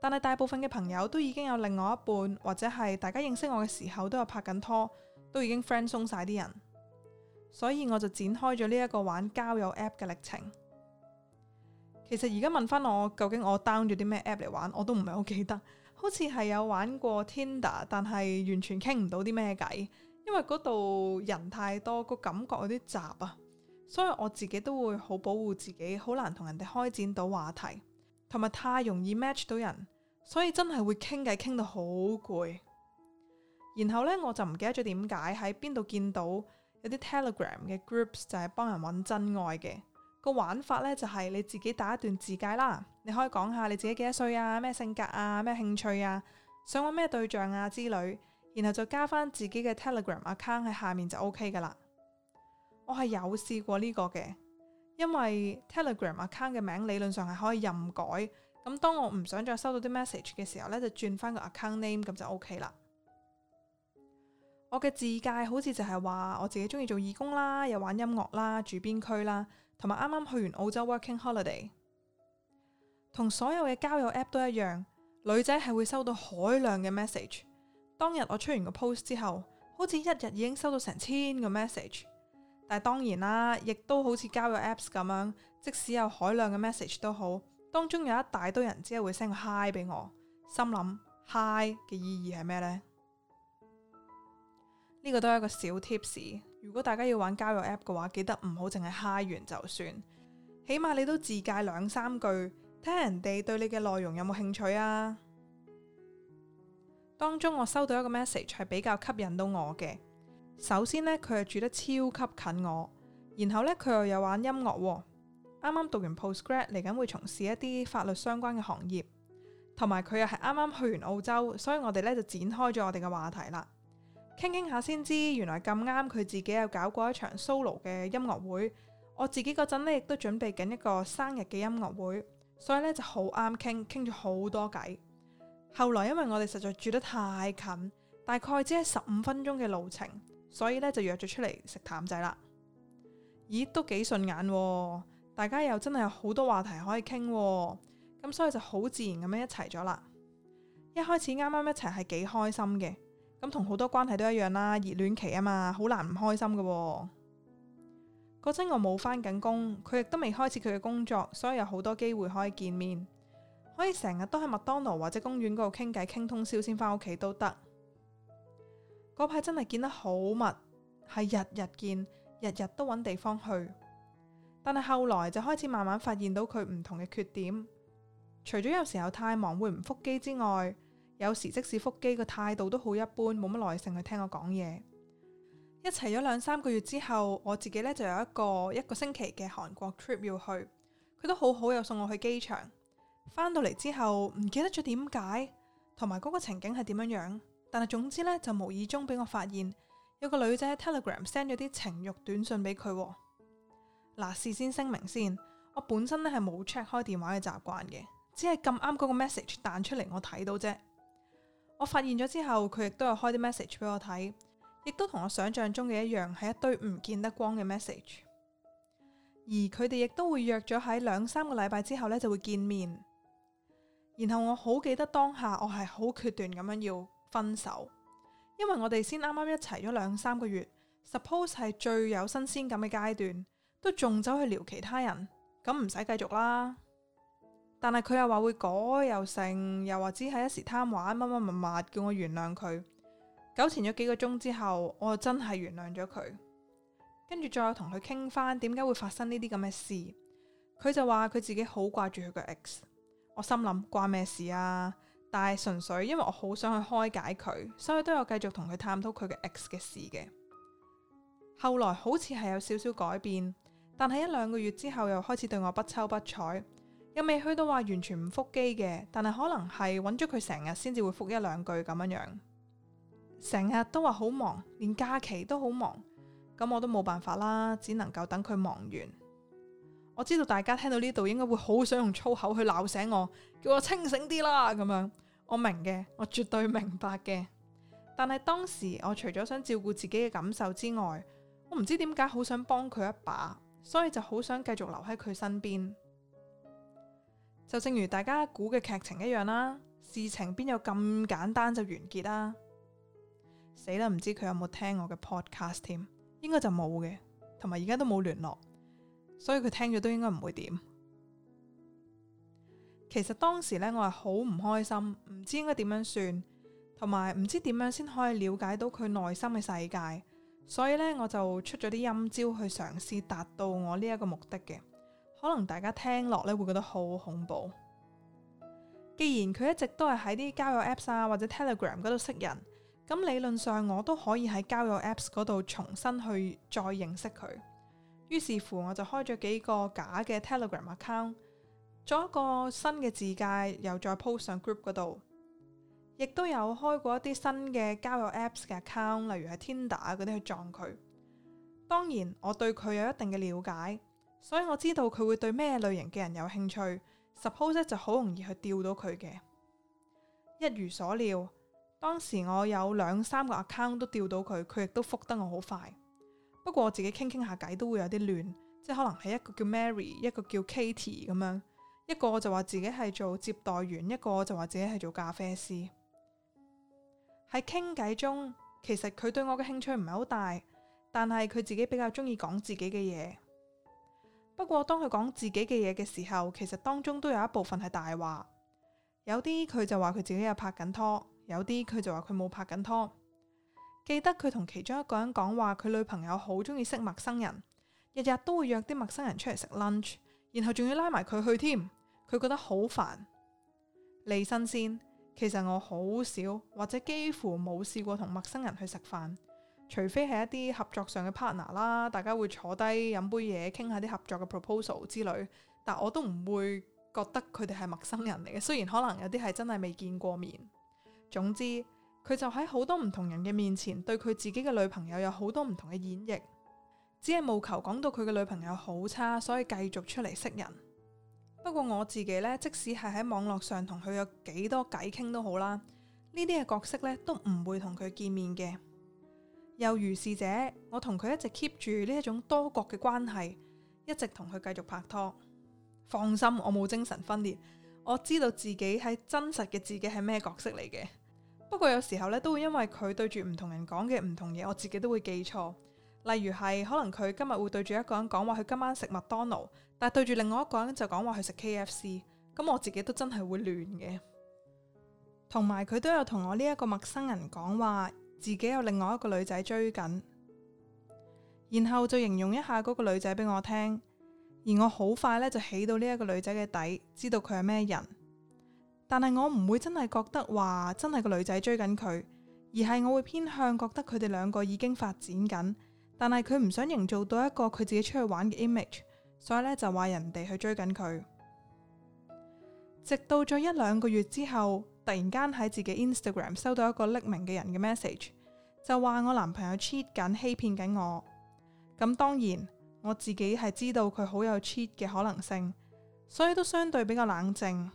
A: 但係大部分嘅朋友都已經有另外一半，或者係大家認識我嘅時候都有拍緊拖，都已經 friend 鬆晒啲人。所以我就展開咗呢一個玩交友 app 嘅歷程。其實而家問翻我究竟我 down 咗啲咩 app 嚟玩，我都唔係好記得。好似係有玩過 Tinder，但係完全傾唔到啲咩偈，因為嗰度人太多，個感覺有啲雜啊，所以我自己都會好保護自己，好難同人哋開展到話題，同埋太容易 match 到人，所以真係會傾偈傾到好攰。然後呢，我就唔記得咗點解喺邊度見到有啲 Telegram 嘅 groups 就係幫人搵真愛嘅。個玩法呢，就係你自己打一段自介啦。你可以講下你自己幾多歲啊，咩性格啊，咩興趣啊，想揾咩對象啊之類，然後就加翻自己嘅 Telegram account 喺下面就 OK 噶啦。我係有試過呢個嘅，因為 Telegram account 嘅名理論上係可以任改。咁當我唔想再收到啲 message 嘅時候呢，就轉翻個 account name 咁就 OK 啦。我嘅自介好似就係話我自己中意做義工啦，又玩音樂啦，住邊區啦。同埋啱啱去完澳洲 working holiday，同所有嘅交友 app 都一樣，女仔係會收到海量嘅 message。當日我出完個 post 之後，好似一日已經收到成千個 message。但係當然啦，亦都好似交友 apps 咁樣，即使有海量嘅 message 都好，當中有一大堆人之後會 send 個 hi 俾我。心諗 hi 嘅意義係咩呢？呢個都係一個小 tips。如果大家要玩交友 app 嘅話，記得唔好淨係嗨，完就算，起碼你都自介兩三句，睇下人哋對你嘅內容有冇興趣啊。當中我收到一個 message 係比較吸引到我嘅，首先呢，佢係住得超級近我，然後呢，佢又有玩音樂喎，啱啱讀完 postgrad 嚟緊會從事一啲法律相關嘅行業，同埋佢又係啱啱去完澳洲，所以我哋咧就展開咗我哋嘅話題啦。傾傾下先知，原來咁啱佢自己又搞過一場 solo 嘅音樂會，我自己嗰陣呢亦都準備緊一個生日嘅音樂會，所以呢就好啱傾，傾咗好多偈。後來因為我哋實在住得太近，大概只係十五分鐘嘅路程，所以呢就約咗出嚟食淡仔啦。咦，都幾順眼喎，大家又真係有好多話題可以傾喎，咁所以就好自然咁樣一齊咗啦。一開始啱啱一齊係幾開心嘅。咁同好多關係都一樣啦，熱戀期啊嘛，好難唔開心噶喎。嗰陣我冇返緊工，佢亦都未開始佢嘅工作，所以有好多機會可以見面，可以成日都喺麥當勞或者公園嗰度傾偈傾通宵先返屋企都得。嗰排真係見得好密，係日日見，日日都揾地方去。但係後來就開始慢慢發現到佢唔同嘅缺點，除咗有時候太忙會唔覆機之外。有時即使腹肌個態度都好一般，冇乜耐性去聽我講嘢。一齊咗兩三個月之後，我自己呢就有一個一個星期嘅韓國 trip 要去，佢都好好又送我去機場。返到嚟之後唔記得咗點解，同埋嗰個情景係點樣樣。但係總之呢，就無意中俾我發現有個女仔喺 Telegram send 咗啲情慾短信俾佢嗱。事先聲明先，我本身呢係冇 check 開電話嘅習慣嘅，只係咁啱嗰個 message 彈出嚟，我睇到啫。我發現咗之後，佢亦都有開啲 message 俾我睇，亦都同我想象中嘅一樣，係一堆唔見得光嘅 message。而佢哋亦都會約咗喺兩三個禮拜之後呢就會見面。然後我好記得當下，我係好決斷咁樣要分手，因為我哋先啱啱一齊咗兩三個月，suppose 係最有新鮮感嘅階段，都仲走去撩其他人，咁唔使繼續啦。但係佢又話會改又剩，又或者係一時貪玩乜乜乜乜，叫我原諒佢。糾纏咗幾個鐘之後，我真係原諒咗佢。跟住再同佢傾翻，點解會發生呢啲咁嘅事？佢就話佢自己好掛住佢個 x。我心諗關咩事啊？但係純粹因為我好想去開解佢，所以都有繼續同佢探討佢嘅 x 嘅事嘅。後來好似係有少少改變，但係一兩個月之後又開始對我不瞅不睬。又未去到話完全唔覆機嘅，但係可能係揾咗佢成日先至會覆一兩句咁樣樣，成日都話好忙，連假期都好忙，咁我都冇辦法啦，只能夠等佢忙完。我知道大家聽到呢度應該會好想用粗口去鬧醒我，叫我清醒啲啦咁樣，我明嘅，我絕對明白嘅。但係當時我除咗想照顧自己嘅感受之外，我唔知點解好想幫佢一把，所以就好想繼續留喺佢身邊。就正如大家估嘅劇情一樣啦，事情邊有咁簡單就完結啊？死啦，唔知佢有冇聽我嘅 podcast 添，應該就冇嘅，同埋而家都冇聯絡，所以佢聽咗都應該唔會點。其實當時呢，我係好唔開心，唔知應該點樣算，同埋唔知點樣先可以了解到佢內心嘅世界，所以呢，我就出咗啲陰招去嘗試達到我呢一個目的嘅。可能大家聽落咧，會覺得好恐怖。既然佢一直都係喺啲交友 apps 啊或者 Telegram 嗰度識人，咁理論上我都可以喺交友 apps 嗰度重新去再認識佢。於是乎，我就開咗幾個假嘅 Telegram account，做一個新嘅字介，又再 post 上 group 嗰度，亦都有開過一啲新嘅交友 apps 嘅 account，例如係 Tinder 嗰啲去撞佢。當然，我對佢有一定嘅了解。所以我知道佢會對咩類型嘅人有興趣，suppose 就好容易去釣到佢嘅。一如所料，當時我有兩三個 account 都釣到佢，佢亦都覆得我好快。不過我自己傾傾下偈都會有啲亂，即係可能係一個叫 Mary，一個叫 Katie 咁樣，一個就話自己係做接待員，一個就話自己係做咖啡師。喺傾偈中，其實佢對我嘅興趣唔係好大，但係佢自己比較中意講自己嘅嘢。不過當佢講自己嘅嘢嘅時候，其實當中都有一部分係大話。有啲佢就話佢自己有拍緊拖，有啲佢就話佢冇拍緊拖。記得佢同其中一個人講話，佢女朋友好中意識陌生人，日日都會約啲陌生人出嚟食 lunch，然後仲要拉埋佢去添，佢覺得好煩。利申，其實我好少或者幾乎冇試過同陌生人去食飯。除非係一啲合作上嘅 partner 啦，大家會坐低飲杯嘢，傾下啲合作嘅 proposal 之類，但我都唔會覺得佢哋係陌生人嚟嘅。雖然可能有啲係真係未見過面，總之佢就喺好多唔同人嘅面前，對佢自己嘅女朋友有好多唔同嘅演繹，只係務求講到佢嘅女朋友好差，所以繼續出嚟識人。不過我自己呢，即使係喺網絡上同佢有幾多偈傾都好啦，呢啲嘅角色呢，都唔會同佢見面嘅。又如是者，我同佢一直 keep 住呢一種多角嘅關係，一直同佢繼續拍拖。放心，我冇精神分裂，我知道自己係真實嘅自己係咩角色嚟嘅。不過有時候呢，都會因為佢對住唔同人講嘅唔同嘢，我自己都會記錯。例如係可能佢今日會對住一個人講話，佢今晚食麥當勞，但係對住另外一個人就講話佢食 KFC。咁我自己都真係會亂嘅。同埋佢都有同我呢一個陌生人講話。自己有另外一個女仔追緊，然後就形容一下嗰個女仔俾我聽，而我好快咧就起到呢一個女仔嘅底，知道佢係咩人。但係我唔會真係覺得話真係個女仔追緊佢，而係我會偏向覺得佢哋兩個已經發展緊，但係佢唔想營造到一個佢自己出去玩嘅 image，所以咧就話人哋去追緊佢。直到咗一兩個月之後。突然間喺自己 Instagram 收到一個匿名嘅人嘅 message，就話我男朋友 cheat 緊，欺騙緊我。咁當然我自己係知道佢好有 cheat 嘅可能性，所以都相對比較冷靜。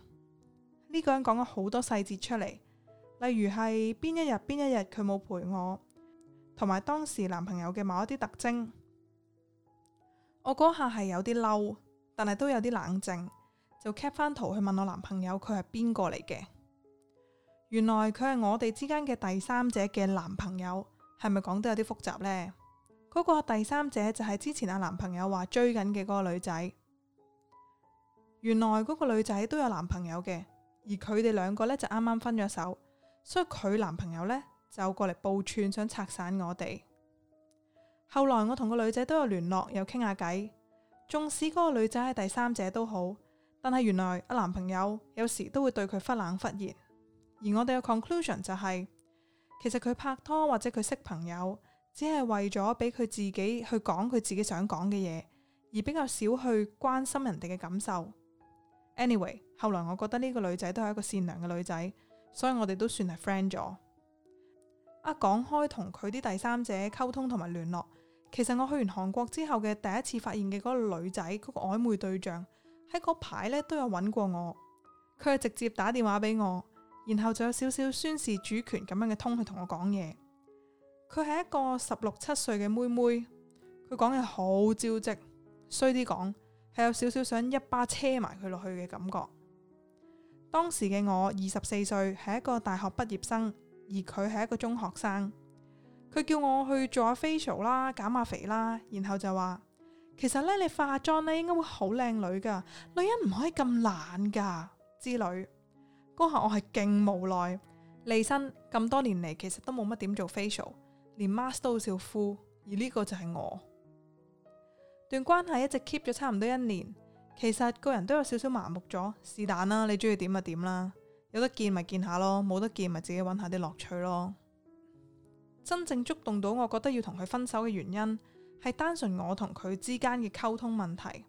A: 呢個人講咗好多細節出嚟，例如係邊一日邊一日佢冇陪我，同埋當時男朋友嘅某一啲特徵。我嗰下係有啲嬲，但係都有啲冷靜，就 cap 返圖去問我男朋友佢係邊個嚟嘅。原來佢係我哋之間嘅第三者嘅男朋友，係咪講得有啲複雜呢？嗰個第三者就係之前阿男朋友話追緊嘅嗰個女仔。原來嗰個女仔都有男朋友嘅，而佢哋兩個呢就啱啱分咗手，所以佢男朋友呢就過嚟報串，想拆散我哋。後來我同個女仔都有聯絡，又傾下偈。縱使嗰個女仔係第三者都好，但係原來阿男朋友有時都會對佢忽冷忽熱。而我哋嘅 conclusion 就係，其實佢拍拖或者佢識朋友，只係為咗俾佢自己去講佢自己想講嘅嘢，而比較少去關心人哋嘅感受。Anyway，後來我覺得呢個女仔都係一個善良嘅女仔，所以我哋都算係 friend 咗。一講開同佢啲第三者溝通同埋聯絡，其實我去完韓國之後嘅第一次發現嘅嗰個女仔，嗰個曖昧對象喺嗰排呢都有揾過我，佢係直接打電話俾我。然後就有少少宣示主權咁樣嘅 tone 去同我講嘢，佢係一個十六七歲嘅妹妹，佢講嘢好招積，衰啲講係有少少想一巴車埋佢落去嘅感覺。當時嘅我二十四歲，係一個大學畢業生，而佢係一個中學生，佢叫我去做下、啊、facial 啦、啊，減下、啊、肥啦、啊，然後就話，其實呢，你化妝呢應該會好靚女噶，女人唔可以咁懶噶之類。嗰下我係勁無奈，離身咁多年嚟其實都冇乜點做 facial，連 mask 都少敷，而呢個就係我。段關係一直 keep 咗差唔多一年，其實個人都有少少麻木咗，是但啦，你中意點咪點啦，有得見咪見下咯，冇得見咪自己揾下啲樂趣咯。真正觸動到我覺得要同佢分手嘅原因，係單純我同佢之間嘅溝通問題。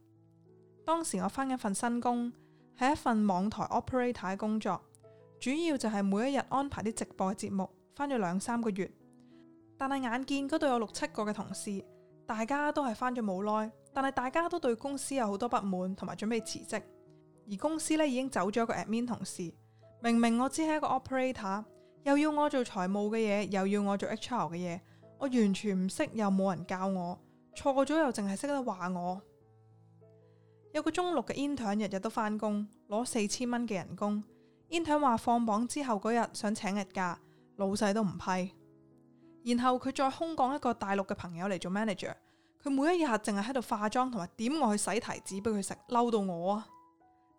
A: 當時我翻一份新工。係一份網台 operator 嘅工作，主要就係每一日安排啲直播嘅節目，翻咗兩三個月。但係眼見嗰度有六七個嘅同事，大家都係翻咗冇耐，但係大家都對公司有好多不滿，同埋準備辭職。而公司呢已經走咗個 admin 同事，明明我只係一個 operator，又要我做財務嘅嘢，又要我做 HR 嘅嘢，我完全唔識，又冇人教我，錯咗又淨係識得話我。有個中六嘅 intern 日日都返工，攞四千蚊嘅人工。intern 話放榜之後嗰日想請日假，老細都唔批。然後佢再空降一個大陸嘅朋友嚟做 manager，佢每一日淨係喺度化妝同埋點我去洗提子俾佢食，嬲到我啊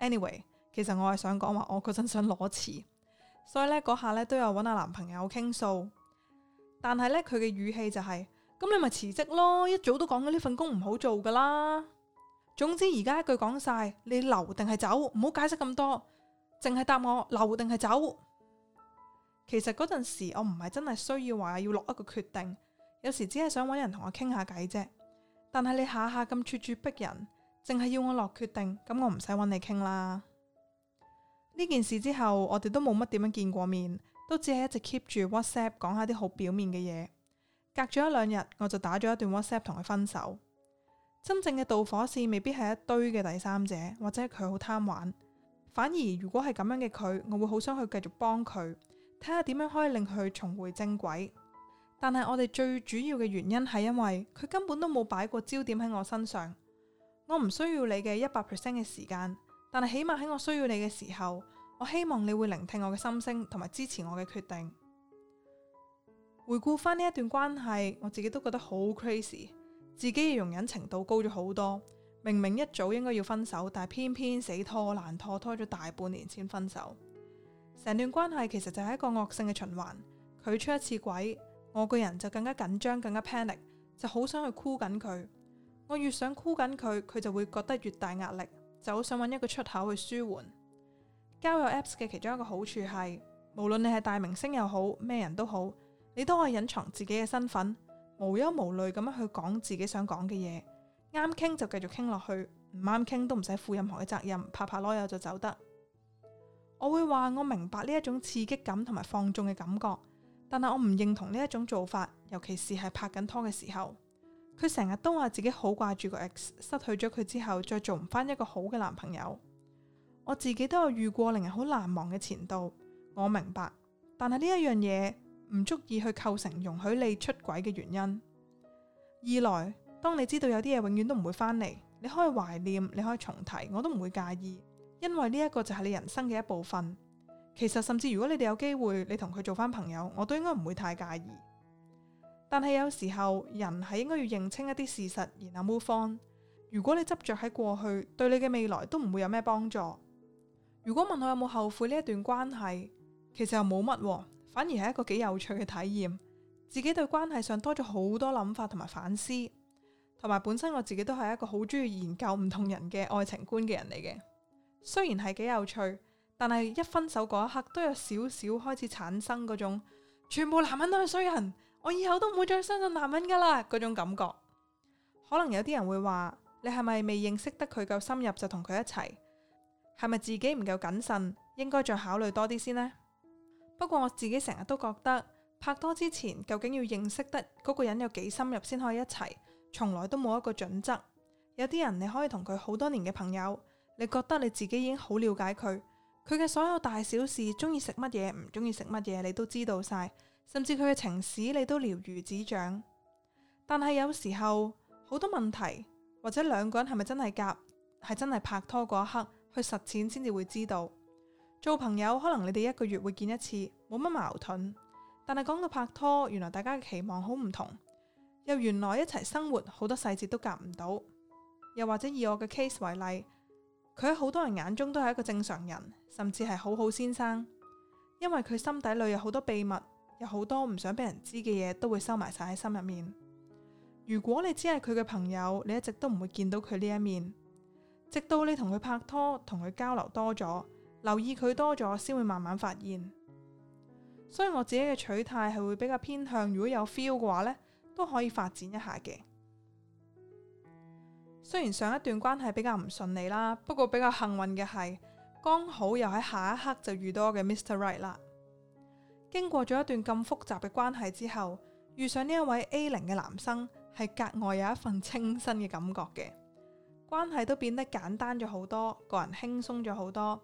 A: ！Anyway，其實我係想講話我嗰陣想裸辭，所以呢嗰下呢都有搵阿男朋友傾訴，但係呢，佢嘅語氣就係、是、咁，你咪辭職咯，一早都講咗呢份工唔好做噶啦。總之而家一句講晒，你留定係走，唔好解釋咁多，淨係答我留定係走。其實嗰陣時我唔係真係需要話要落一個決定，有時只係想搵人同我傾下偈啫。但係你下下咁咄咄逼人，淨係要我落決定，咁我唔使搵你傾啦。呢件事之後，我哋都冇乜點樣見過面，都只係一直 keep 住 WhatsApp 講下啲好表面嘅嘢。隔咗一兩日，我就打咗一段 WhatsApp 同佢分手。真正嘅導火線未必係一堆嘅第三者，或者佢好貪玩。反而如果係咁樣嘅佢，我會好想去繼續幫佢，睇下點樣可以令佢重回正軌。但係我哋最主要嘅原因係因為佢根本都冇擺過焦點喺我身上。我唔需要你嘅一百 percent 嘅時間，但係起碼喺我需要你嘅時候，我希望你會聆聽我嘅心聲，同埋支持我嘅決定。回顧翻呢一段關係，我自己都覺得好 crazy。自己嘅容忍程度高咗好多，明明一早應該要分手，但係偏偏死拖爛拖拖咗大半年先分手。成段關係其實就係一個惡性嘅循環，佢出一次軌，我個人就更加緊張，更加 panic，就好想去箍緊佢。我越想箍緊佢，佢就會覺得越大壓力，就好想揾一個出口去舒緩。交友 apps 嘅其中一個好處係，無論你係大明星又好，咩人都好，你都可以隱藏自己嘅身份。無憂無慮咁樣去講自己想講嘅嘢，啱傾就繼續傾落去，唔啱傾都唔使負任何嘅責任，拍拍籮柚就走得。我會話我明白呢一種刺激感同埋放縱嘅感覺，但係我唔認同呢一種做法，尤其是係拍緊拖嘅時候。佢成日都話自己好掛住個 ex，失去咗佢之後再做唔翻一個好嘅男朋友。我自己都有遇過令人好難忘嘅前度，我明白，但係呢一樣嘢。唔足以去構成容許你出軌嘅原因。二來，當你知道有啲嘢永遠都唔會返嚟，你可以懷念，你可以重提，我都唔會介意，因為呢一個就係你人生嘅一部分。其實甚至如果你哋有機會，你同佢做翻朋友，我都應該唔會太介意。但係有時候人係應該要認清一啲事實，然後 move on。如果你執着喺過去，對你嘅未來都唔會有咩幫助。如果問我有冇後悔呢一段關係，其實又冇乜。反而係一個幾有趣嘅體驗，自己對關係上多咗好多諗法同埋反思，同埋本身我自己都係一個好中意研究唔同人嘅愛情觀嘅人嚟嘅。雖然係幾有趣，但係一分手嗰一刻，都有少少開始產生嗰種全部男人都係衰人，我以後都唔會再相信男人噶啦嗰種感覺。可能有啲人會話你係咪未認識得佢夠深入就同佢一齊，係咪自己唔夠謹慎，應該再考慮多啲先呢？不過我自己成日都覺得拍拖之前，究竟要認識得嗰個人有幾深入先可以一齊，從來都冇一個準則。有啲人你可以同佢好多年嘅朋友，你覺得你自己已經好了解佢，佢嘅所有大小事，中意食乜嘢唔中意食乜嘢你都知道晒，甚至佢嘅情史你都了如指掌。但係有時候好多問題或者兩個人係咪真係夾，係真係拍拖嗰一刻去實踐先至會知道。做朋友可能你哋一個月會見一次，冇乜矛盾。但係講到拍拖，原來大家嘅期望好唔同，又原來一齊生活好多細節都夾唔到。又或者以我嘅 case 為例，佢喺好多人眼中都係一個正常人，甚至係好好先生，因為佢心底裏有好多秘密，有好多唔想俾人知嘅嘢，都會收埋晒喺心入面。如果你只係佢嘅朋友，你一直都唔會見到佢呢一面，直到你同佢拍拖，同佢交流多咗。留意佢多咗，先會慢慢發現。所以我自己嘅取態係會比較偏向如果有 feel 嘅話咧，都可以發展一下嘅。雖然上一段關係比較唔順利啦，不過比較幸運嘅係剛好又喺下一刻就遇到我嘅 Mr. Right 啦。經過咗一段咁複雜嘅關係之後，遇上呢一位 A0 嘅男生，係格外有一份清新嘅感覺嘅。關係都變得簡單咗好多，個人輕鬆咗好多。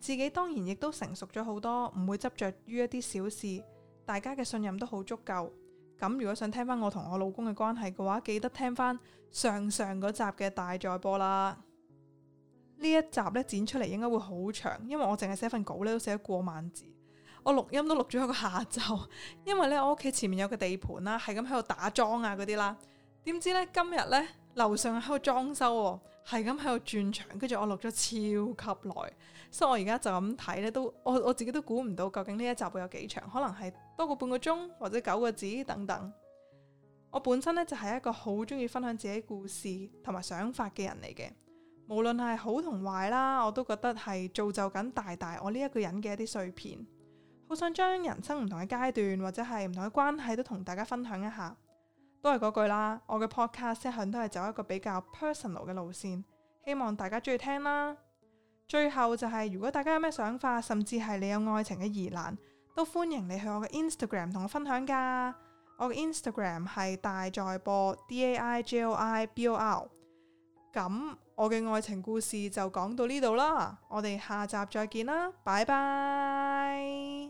A: 自己當然亦都成熟咗好多，唔會執着於一啲小事，大家嘅信任都好足夠。咁如果想聽翻我同我老公嘅關係嘅話，記得聽翻上上嗰集嘅大在播啦。呢一集呢，剪出嚟應該會好長，因為我淨係寫份稿呢都寫過萬字，我錄音都錄咗一個下晝，因為呢，我屋企前面有個地盤啦，係咁喺度打樁啊嗰啲啦。點知呢，今日呢，樓上喺度裝修喎。係咁喺度轉場，跟住我錄咗超級耐，所以我而家就咁睇咧，都我我自己都估唔到究竟呢一集會有幾長，可能係多過半個鐘或者九個字等等。我本身呢，就係一個好中意分享自己故事同埋想法嘅人嚟嘅，無論係好同壞啦，我都覺得係造就緊大大我呢一個人嘅一啲碎片，好想將人生唔同嘅階段或者係唔同嘅關係都同大家分享一下。都係嗰句啦，我嘅 podcast 一向都係走一個比較 personal 嘅路線，希望大家中意聽啦。最後就係、是、如果大家有咩想法，甚至係你有愛情嘅疑難，都歡迎你去我嘅 Instagram 同我分享噶。我嘅 Instagram 係大在播 d a i j o i b o r。咁我嘅愛情故事就講到呢度啦，我哋下集再見啦，拜拜。